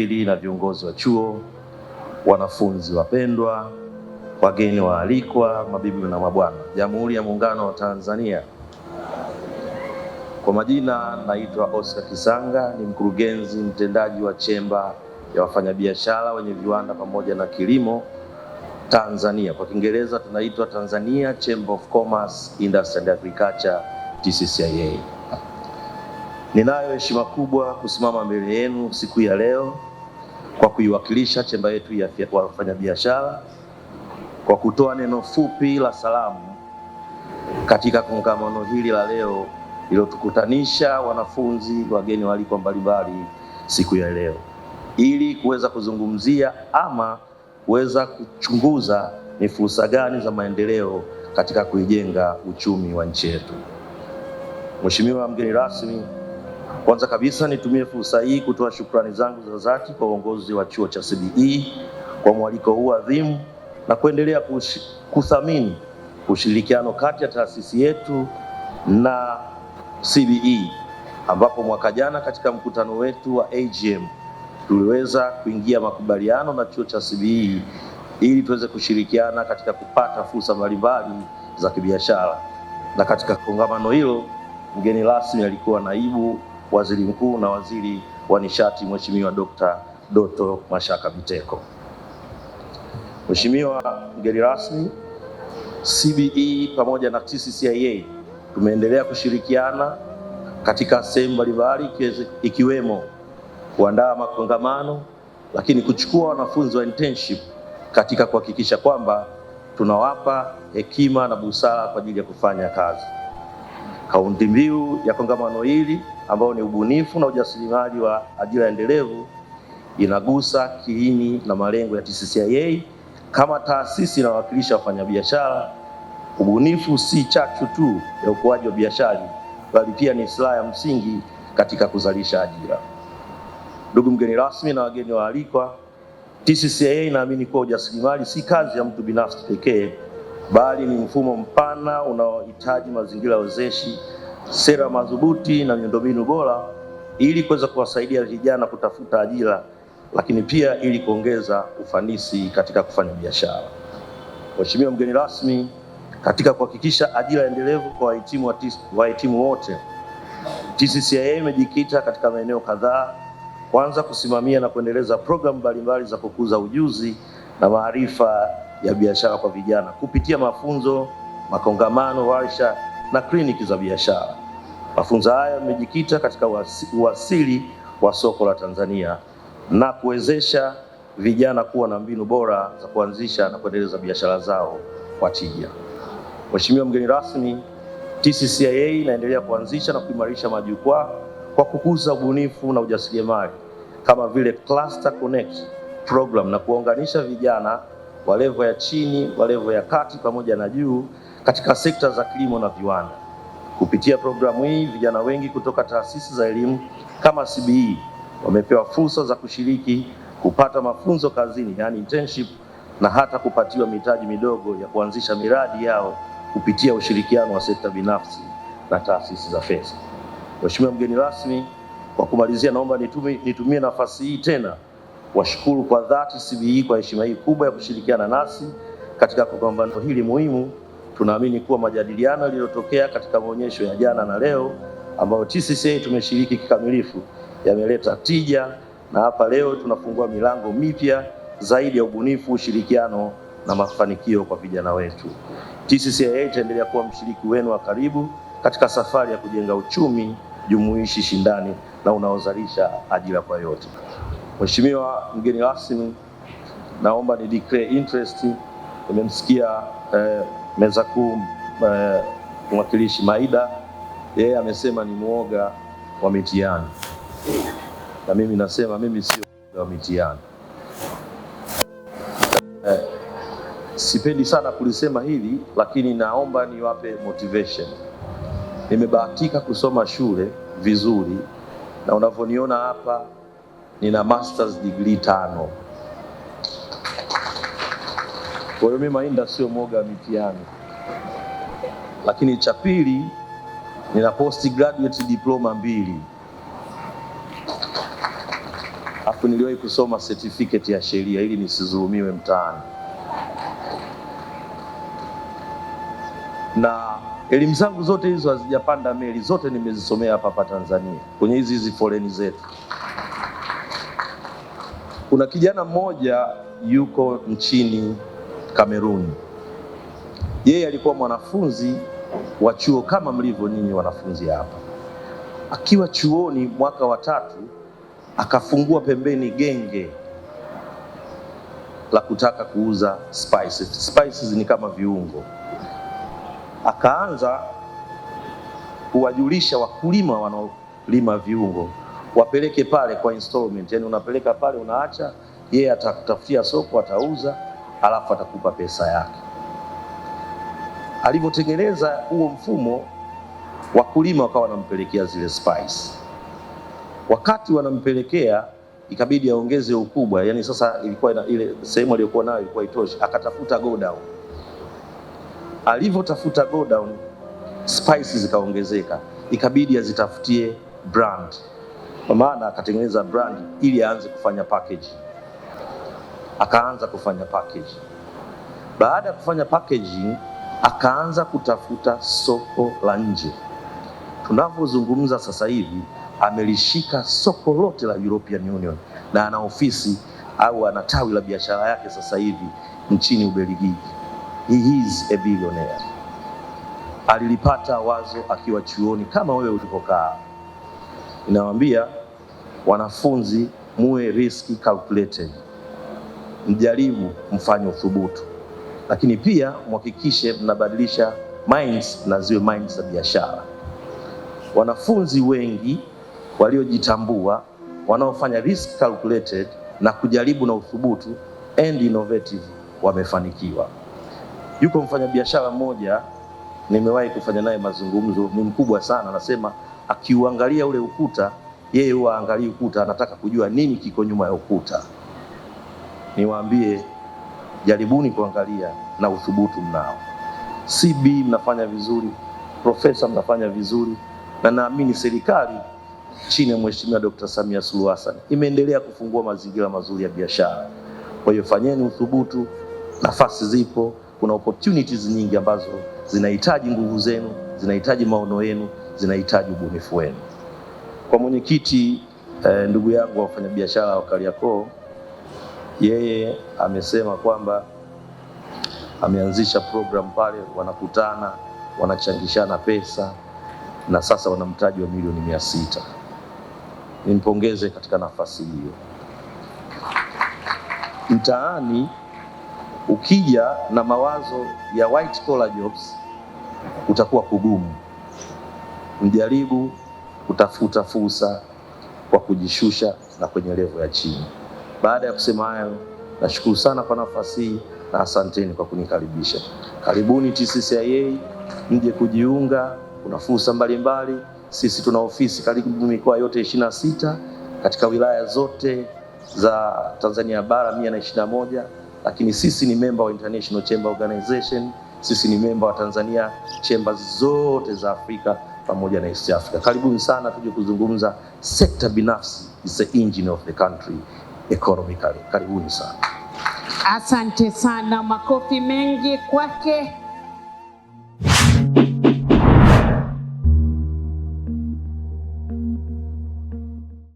wafadhili na viongozi wa chuo, wanafunzi wapendwa, wageni waalikwa, mabibi na mabwana, Jamhuri ya Muungano wa Tanzania. Kwa majina naitwa Oscar Kisanga, ni mkurugenzi mtendaji wa chemba ya wafanyabiashara wenye viwanda pamoja na kilimo Tanzania. Kwa Kiingereza tunaitwa Tanzania Chamber of Commerce, Industry and Agriculture TCCIA. Ninayo heshima kubwa kusimama mbele yenu siku ya leo kwa kuiwakilisha chemba yetu ya wafanyabiashara kwa kutoa neno fupi la salamu katika kongamano hili la leo lililotukutanisha wanafunzi wageni waliko mbalimbali siku ya leo, ili kuweza kuzungumzia ama kuweza kuchunguza ni fursa gani za maendeleo katika kuijenga uchumi wa nchi yetu. Mheshimiwa mgeni rasmi kwanza kabisa nitumie fursa hii kutoa shukrani zangu za dhati kwa uongozi wa chuo cha CBE kwa mwaliko huu adhimu na kuendelea kush, kuthamini ushirikiano kati ya taasisi yetu na CBE ambapo mwaka jana katika mkutano wetu wa AGM tuliweza kuingia makubaliano na chuo cha CBE ili tuweze kushirikiana katika kupata fursa mbalimbali za kibiashara. Na katika kongamano hilo mgeni rasmi alikuwa naibu waziri mkuu na waziri wa nishati Mheshimiwa Dr. Doto Mashaka Biteko. Mheshimiwa mgeni rasmi, CBE pamoja na TCCIA tumeendelea kushirikiana katika sehemu mbalimbali ikiwemo kuandaa makongamano, lakini kuchukua wanafunzi wa internship katika kuhakikisha kwamba tunawapa hekima na busara kwa ajili ya kufanya kazi. Kaunti mbiu ya kongamano hili ambao ni ubunifu na ujasiriamali wa ajira endelevu inagusa kiini na malengo ya TCCIA kama taasisi inayowakilisha wafanyabiashara. Ubunifu si chachu tu ya ukuaji wa biashara, bali pia ni silaha ya msingi katika kuzalisha ajira. Ndugu mgeni rasmi na wageni waalikwa, TCCIA inaamini kuwa ujasiriamali si kazi ya mtu binafsi pekee, bali ni mfumo mpana unaohitaji mazingira ya sera madhubuti na miundombinu bora ili kuweza kuwasaidia vijana kutafuta ajira, lakini pia ili kuongeza ufanisi katika kufanya biashara. Mheshimiwa mgeni rasmi, katika kuhakikisha ajira endelevu kwa wahitimu wahitimu wote, TCCIA imejikita katika maeneo kadhaa. Kwanza, kusimamia na kuendeleza programu mbalimbali za kukuza ujuzi na maarifa ya biashara kwa vijana kupitia mafunzo, makongamano, warsha na kliniki za biashara. Mafunzo haya yamejikita katika uasili wa soko la Tanzania na kuwezesha vijana kuwa na mbinu bora za kuanzisha na kuendeleza biashara zao kwa tija. Mheshimiwa mgeni rasmi, TCCIA inaendelea kuanzisha na kuimarisha majukwaa kwa kukuza ubunifu na ujasiriamali kama vile Cluster Connect program na kuwaunganisha vijana wa levo ya chini, wa levo ya kati pamoja na juu katika sekta za kilimo na viwanda. Kupitia programu hii vijana wengi kutoka taasisi za elimu kama CBE wamepewa fursa za kushiriki, kupata mafunzo kazini, yani internship, na hata kupatiwa mitaji midogo ya kuanzisha miradi yao kupitia ushirikiano wa sekta binafsi na taasisi za fedha. Mheshimiwa mgeni rasmi, kwa kumalizia, naomba nitumie, nitumie nafasi hii tena washukuru kwa dhati CBE kwa heshima hii kubwa ya kushirikiana nasi katika kupambana hili muhimu Tunaamini kuwa majadiliano yaliyotokea katika maonyesho ya jana na leo ambayo TCCIA tumeshiriki kikamilifu yameleta tija, na hapa leo tunafungua milango mipya zaidi ya ubunifu, ushirikiano na mafanikio kwa vijana wetu. TCCIA itaendelea kuwa mshiriki wenu wa karibu katika safari ya kujenga uchumi jumuishi, shindani na unaozalisha ajira kwa yote. Mheshimiwa mgeni rasmi, naomba ni declare interest. Nimemsikia eh, meza kuu eh, mwakilishi Maida yeye amesema ni mwoga wa mitihani, na mimi nasema mimi sio mwoga wa mitihani. Eh, sipendi sana kulisema hili, lakini naomba niwape motivation. Nimebahatika kusoma shule vizuri, na unavyoniona hapa nina masters degree tano. Kwa hiyo mimi Mainda sio mwoga wa mitihani. Lakini cha pili, nina post graduate diploma mbili, alafu niliwahi kusoma certificate ya sheria ili nisizulumiwe mtaani na elimu zangu zote hizo hazijapanda meli, zote nimezisomea hapa hapa Tanzania kwenye hizi hizi foleni zetu. Kuna kijana mmoja yuko nchini Kamerun. Yeye alikuwa mwanafunzi wa chuo kama mlivyo ninyi wanafunzi hapa. Akiwa chuoni mwaka wa tatu, akafungua pembeni genge la kutaka kuuza spices. Spices ni kama viungo. Akaanza kuwajulisha wakulima wanaolima viungo wapeleke pale kwa installment, yani unapeleka pale unaacha, yeye atakutafutia soko, atauza alafu atakupa pesa yake. Alivyotengeneza huo mfumo, wakulima wakawa wanampelekea zile spice. Wakati wanampelekea ikabidi aongeze ukubwa, yani sasa ilikuwa ina, ile sehemu aliyokuwa nayo ilikuwa itoshi, akatafuta godown. Alivyotafuta godown, spice zikaongezeka, ikabidi azitafutie brand, kwa maana akatengeneza brand ili aanze kufanya packaging akaanza kufanya packaging. Baada ya kufanya packaging, akaanza kutafuta soko la nje. Tunavyozungumza sasa hivi amelishika soko lote la European Union na ana ofisi au ana tawi la biashara yake sasa hivi nchini Ubelgiji. He is a billionaire. Alilipata wazo akiwa chuoni kama wewe ulipokaa. inawaambia wanafunzi, muwe risk calculated mjaribu, mfanye uthubutu, lakini pia mhakikishe mnabadilisha minds na ziwe minds za biashara. Wanafunzi wengi waliojitambua wanaofanya risk calculated na kujaribu na uthubutu and innovative wamefanikiwa. Yuko mfanyabiashara mmoja nimewahi kufanya naye mazungumzo, ni mkubwa sana, anasema akiuangalia ule ukuta, yeye huwa angalii ukuta, anataka kujua nini kiko nyuma ya ukuta niwaambie, jaribuni kuangalia na uthubutu mnao. CB mnafanya vizuri, profesa mnafanya vizuri, na naamini serikali chini ya Mheshimiwa Dr. Samia Suluhu Hassan imeendelea kufungua mazingira mazuri ya biashara. Kwa hiyo fanyeni uthubutu, nafasi zipo, kuna opportunities nyingi ambazo zinahitaji nguvu zenu, zinahitaji maono yenu, zinahitaji ubunifu wenu. Kwa mwenyekiti eh, ndugu yangu wafanyabiashara wa Kariakoo yeye amesema kwamba ameanzisha program pale, wanakutana wanachangishana pesa na sasa wana mtaji wa milioni mia sita. Nimpongeze katika nafasi hiyo. Mtaani ukija na mawazo ya white collar jobs utakuwa kugumu. Mjaribu kutafuta fursa kwa kujishusha na kwenye levo ya chini. Baada ya kusema hayo, nashukuru sana kwa nafasi hii na asanteni kwa kunikaribisha. Karibuni TCCIA mje kujiunga, kuna fursa mbalimbali. Sisi tuna ofisi karibu mikoa yote 26 katika wilaya zote za Tanzania bara 121, lakini sisi ni memba wa International Chamber Organization, sisi ni memba wa Tanzania chemba zote za Afrika pamoja na East Africa. Karibuni sana tuje kuzungumza, sekta binafsi is the engine of the country economically. Karibuni sana. Asante sana, makofi mengi kwake.